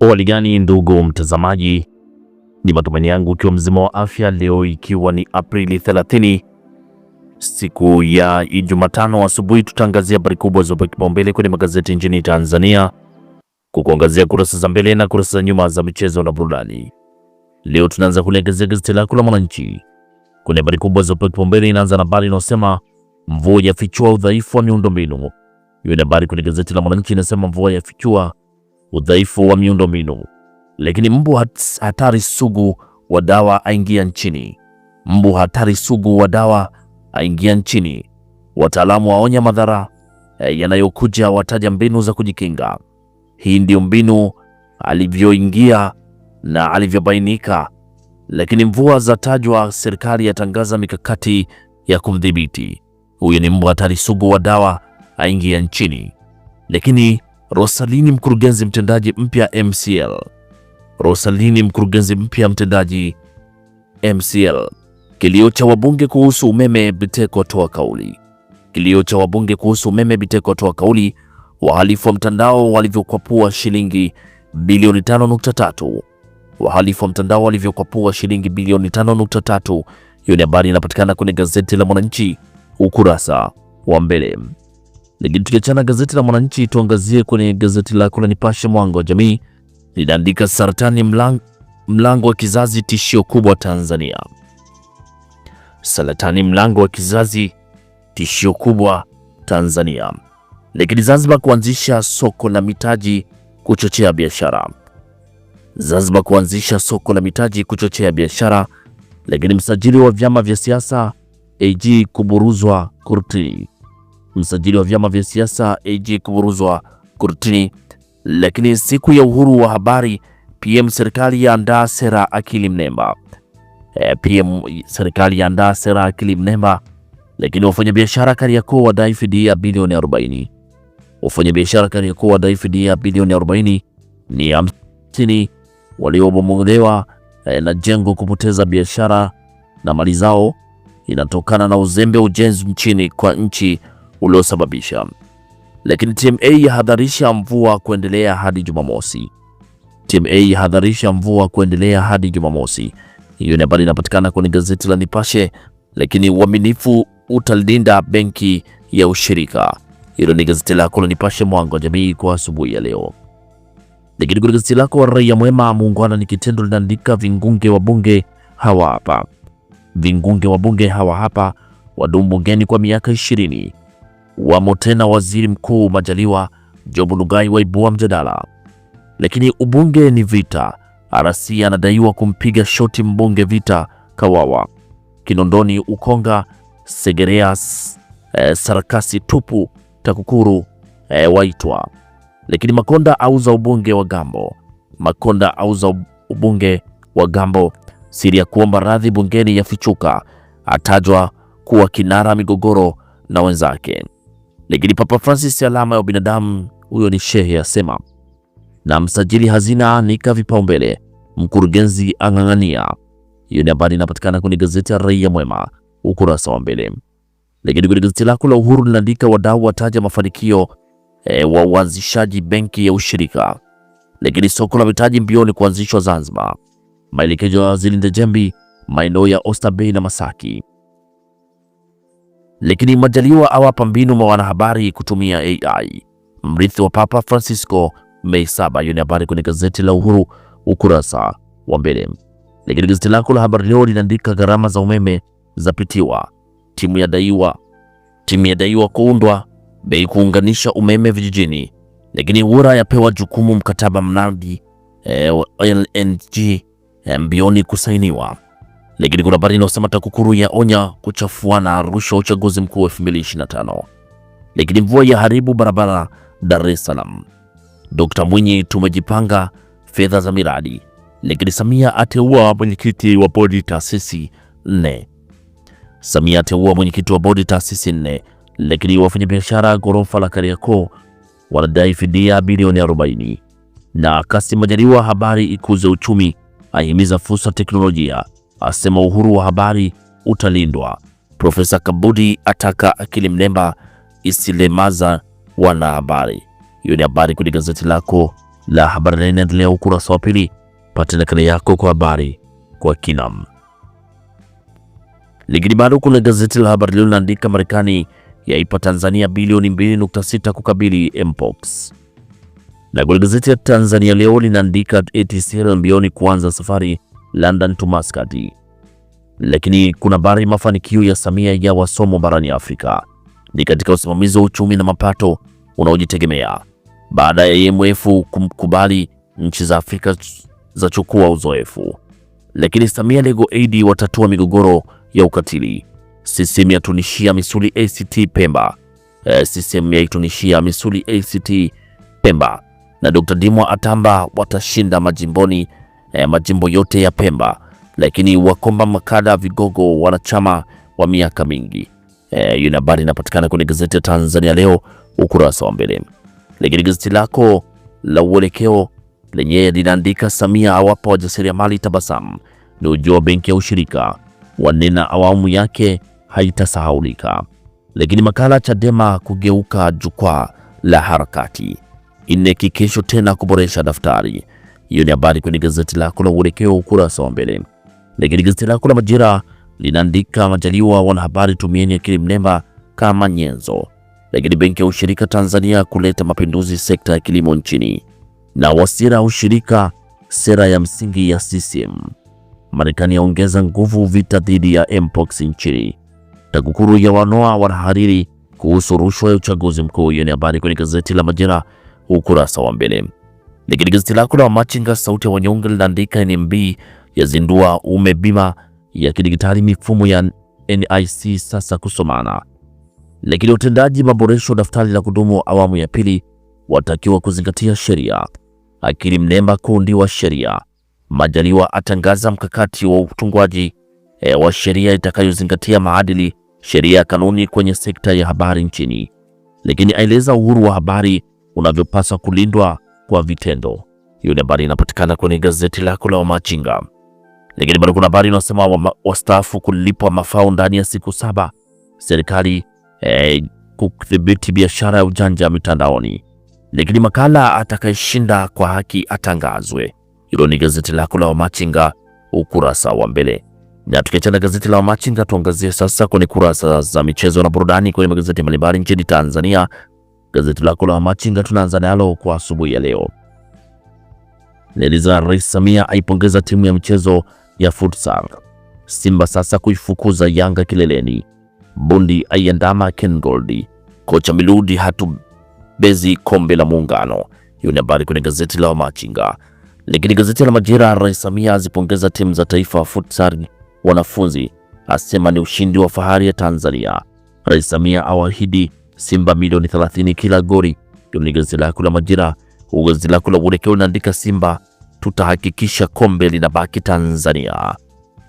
Waligani ndugu mtazamaji, ni matumaini yangu ukiwa mzima wa afya leo, ikiwa ni Aprili 30 siku ya Jumatano asubuhi, tutaangazia habari kubwa zopa kipaumbele kwenye magazeti nchini Tanzania, kukuangazia kurasa za mbele na kurasa za nyuma za michezo na burudani. Leo tunaanza kuliangazia gazeti lako la Mwananchi kwenye habari kubwa zopa kipaumbele. Inaanza na habari inayosema mvua yafichua udhaifu wa miundombinu. Hiyo ni habari kwenye gazeti la Mwananchi, inasema mvua yafichua udhaifu wa miundombinu. Lakini mbu hatari sugu wa dawa aingia nchini, mbu hatari sugu wa dawa aingia nchini. Wataalamu waonya madhara eh, yanayokuja, wataja mbinu za kujikinga. Hii ndio mbinu alivyoingia na alivyobainika. Lakini mvua za tajwa, serikali yatangaza mikakati ya kumdhibiti. Huyu ni mbu hatari sugu wa dawa aingia nchini, lakini Rosalini mkurugenzi mtendaji mpya MCL. Rosalini mkurugenzi mpya mtendaji MCL. Kilio cha wabunge kuhusu umeme, Biteko toa kauli. Kilio cha wabunge kuhusu umeme, Biteko toa kauli. Wahalifu wa mtandao walivyokwapua shilingi bilioni 5.3. Wahalifu wa mtandao walivyokwapua shilingi bilioni 5.3. Hiyo ni habari inapatikana kwenye gazeti la Mwananchi ukurasa wa mbele. Lakini tukiachana gazeti la Mwananchi, tuangazie kwenye gazeti lako la Nipashe Mwanga wa Jamii, linaandika saratani mlango, mlango wa kizazi tishio kubwa Tanzania. Saratani mlango wa kizazi tishio kubwa Tanzania. Lakini Zanzibar kuanzisha soko la mitaji kuchochea biashara. Zanzibar kuanzisha soko la mitaji kuchochea biashara. Lakini msajili wa vyama vya siasa AG kuburuzwa kurti msajili wa vyama vya siasa AG kuburuzwa kurtini. Lakini siku ya uhuru wa habari, PM serikali yaandaa sera akili mnemba. E, PM serikali yaandaa sera akili mnemba. Lakini wafanyabiashara Kariakoo wadai fidia bilioni 40. Wafanyabiashara Kariakoo wadai fidia bilioni 40 ni 50 waliobomolewa e, na jengo kupoteza biashara na mali zao inatokana na uzembe ujenzi nchini kwa nchi uliosababisha, lakini TMA yahadharisha mvua kuendelea hadi Jumamosi. TMA yahadharisha mvua kuendelea hadi Jumamosi. Hiyo ni habari inapatikana kwenye gazeti la Nipashe. Lakini uaminifu utalinda benki ya ushirika. Hilo ni gazeti lako la Nipashe mwanga wa jamii kwa asubuhi ya leo. Lakini kwenye gazeti lako Raia Mwema, muungwana ni kitendo, linaandika vingunge wa bunge hawa hapa, vingunge wa bunge hawa hapa, wadumu bungeni kwa miaka ishirini wamo tena waziri mkuu Majaliwa, jobu Ndugai waibua mjadala. Lakini ubunge ni vita. RC anadaiwa kumpiga shoti mbunge Vita Kawawa. Kinondoni Ukonga, Segerea e, eh, sarakasi tupu. TAKUKURU e, waitwa. Lakini Makonda auza ubunge wa Gambo. Makonda auza ubunge wa Gambo. Siri ya kuomba radhi bungeni yafichuka, atajwa kuwa kinara migogoro na wenzake. Lakini Papa Francis, alama ya binadamu, huyo ni shehe asema, na msajili hazina anika vipaumbele, mkurugenzi ang'ang'ania. Hiyo ni habari inapatikana kwenye gazeti ya Raia Mwema ukurasa wa mbele. Lakini kwenye gazeti lako la Uhuru linaandika wadau wataja mafanikio e, wa uanzishaji benki ya ushirika. Lakini soko la mitaji mbioni kuanzishwa Zanzibar, maelekezo ya Waziri Ndejembi maeneo ya Oysterbay na Masaki. Lakini Majaliwa awapa mbinu mwa wanahabari kutumia AI. Mrithi wa Papa Francisco Mei saba. Hiyo ni habari kwenye gazeti la Uhuru ukurasa wa mbele. Lakini gazeti lako la Habari Leo linaandika gharama za umeme zapitiwa, timu daiwa, timu daiwa kuundwa, bei kuunganisha umeme vijijini. Lakini Wura yapewa jukumu mkataba mnadi eh, LNG eh, mbioni kusainiwa lakini kuna habari inayosema TAKUKURU ya onya na rushwa wa uchaguzi mkuu 2025. Lakini mvua ya haribu barabara Dar es Salaam. Dr Mwinyi, tumejipanga fedha za miradi. Lakini Samia ateua mwenyekiti wa bodi taasisi nne. Samia ateua mwenyekiti wa bodi taasisi nne. Lakini wafanyabiashara ghorofa la Kariakoo wanadai fidia bilioni 40. Na Kassim Majaliwa, habari ikuze uchumi, ahimiza fursa teknolojia asema uhuru wa habari utalindwa. Profesa Kabudi ataka akili mnemba isilemaza wana habari Hiyo ni habari kwenye gazeti lako la habari leo, inaendelea ukurasa wa pili. Pata nakala yako kwa habari kwa kinam. Lakini bado kuna gazeti la habari leo linaandika Marekani yaipa Tanzania bilioni 2.6 kukabili mpox. Na gazeti la Tanzania leo linaandika ATCL mbioni kuanza safari London to Muscat. Lakini kuna habari mafanikio ya Samia ya wasomo barani Afrika ni katika usimamizi wa uchumi na mapato unaojitegemea baada ya IMF e kumkubali nchi za Afrika za chukua uzoefu. Lakini Samia Legal Aid watatua migogoro ya ukatili. CCM ya misuli ACT Pemba. CCM e, ya misuli ACT Pemba na Dr. Dimwa Atamba watashinda majimboni eh, majimbo yote ya Pemba, lakini Wakomba makada vigogo wanachama wa miaka mingi. Eh, hiyo habari inapatikana kwenye gazeti ya Tanzania leo ukurasa wa mbele. Lakini gazeti lako la Uelekeo lenye linaandika Samia awapa wajasiriamali tabasamu, ni ujio wa benki ya ushirika, wanena awamu yake haitasahaulika. Lakini makala Chadema kugeuka jukwaa la harakati, inekikesho kikesho tena kuboresha daftari hiyo ni habari kwenye gazeti lako la Uelekeo ukurasa wa mbele. Lakini gazeti lako la Majira linaandika Majaliwa, wanahabari tumieni akili mnemba kama nyenzo. Lakini benki ya ushirika Tanzania kuleta mapinduzi sekta ya kilimo nchini, na Wasira ushirika sera ya msingi ya CCM. Marekani yaongeza nguvu vita dhidi ya mpox nchini. TAKUKURU ya wanoa wanahariri kuhusu rushwa ya uchaguzi mkuu. Hiyo ni habari kwenye gazeti la Majira ukurasa wa mbele. Lakini gazeti lako la Wamachinga sauti ya wanyonge linaandika NMB yazindua ume bima ya kidigitali mifumo ya NIC sasa kusomana. Lakini utendaji maboresho daftari la kudumu awamu ya pili watakiwa kuzingatia sheria. Akili mnemba kundi wa sheria. Majaliwa atangaza mkakati wa utungwaji e, wa sheria itakayozingatia maadili, sheria, kanuni kwenye sekta ya habari nchini. Lakini aeleza uhuru wa habari unavyopaswa kulindwa kwa vitendo. Hiyo ni habari inapatikana kwenye gazeti lako la Wamachinga. Lakini bado kuna habari inasema wastaafu kulipwa mafao ndani ya siku saba, serikali eh, kudhibiti biashara ya ujanja mitandaoni. Lakini makala atakayeshinda kwa haki atangazwe. Hilo ni gazeti lako la Wamachinga ukurasa wa mbele. Na tukiachana gazeti la Wamachinga, tuangazie sasa kwenye kurasa za michezo na burudani kwenye magazeti mbalimbali nchini Tanzania Gazeti lako la Machinga tunaanza nalo kwa asubuhi ya leo. Niliza Rais Samia aipongeza timu ya michezo ya futsal. Simba sasa kuifukuza Yanga kileleni. Bundi aiandama Kengold. Kocha Miludi hatubezi kombe la Muungano. Hiyo ni habari kwenye gazeti la Machinga. Lakini gazeti la Majira, Rais Samia azipongeza timu za taifa futsal wanafunzi, asema ni ushindi wa fahari ya Tanzania. Rais Samia awahidi Simba milioni 30 kila goli. Ni gazeti lako la Majira, gazeti lako la Uelekeo linaandika Simba tutahakikisha kombe linabaki Tanzania,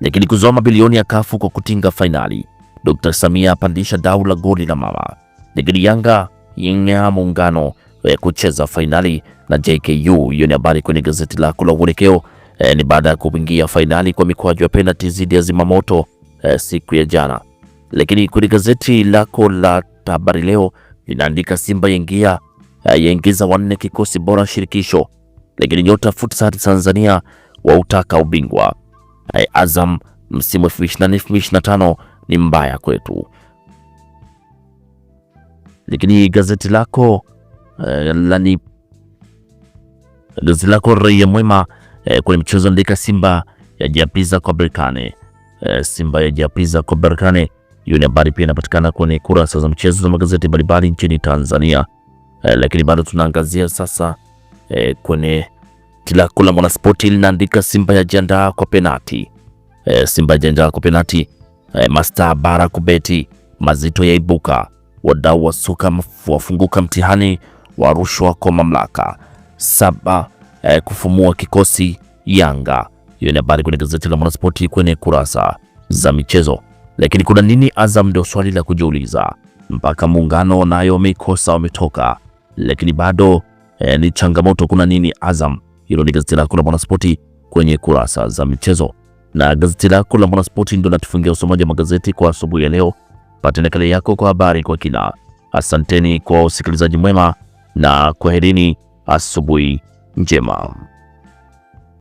lakini kuzoa mabilioni ya kafu kwa kutinga fainali. Dr Samia apandisha dau la goli la mama, lakini Yanga ing'aa muungano ya kucheza fainali na JKU. Hiyo ni habari kwenye gazeti lako la Uelekeo. E, eh, ni baada ya kuingia fainali kwa mikwaju ya penalti zidi ya Zimamoto e, siku ya jana. Lakini kwenye gazeti lako la Habari Leo inaandika Simba yaingia yaingiza wanne kikosi bora shirikisho, lakini nyota futsal Tanzania wautaka ubingwa. Azam msimu 2024/2025 ni mbaya kwetu. Lakini gazeti lako eh, lani gazeti lako Raia Mwema eh, kwenye mchezo andika Simba yajiapiza kwa Berkane, eh, Simba yajiapiza kwa Berkane. Hiyo ni habari pia inapatikana kwenye kurasa za mchezo za magazeti mbalimbali nchini Tanzania. Eh, lakini bado tunaangazia sasa eh, kwenye kila kula Mwanaspoti linaandika Simba ya kwa penati. Eh, Simba ya kwa penati. Eh, Master bara kubeti mazito ya ibuka wadau soka wafunguka mtihani wa rushwa kwa mamlaka saba eh, kufumua kikosi Yanga. Hiyo ni habari kwenye gazeti la Mwanaspoti kwenye kurasa za michezo. Lakini kuna nini Azam, ndio swali la kujiuliza. Mpaka muungano nayo wameikosa wametoka, lakini bado eh, ni changamoto. Kuna nini Azam? Hilo ni gazeti lako la Mwanaspoti kwenye kurasa za michezo, na gazeti lako la Mwanaspoti ndio natufungia usomaji wa magazeti kwa asubuhi ya leo. Pata nakala yako kwa habari kwa kina. Asanteni kwa usikilizaji mwema na kwaherini, asubuhi njema.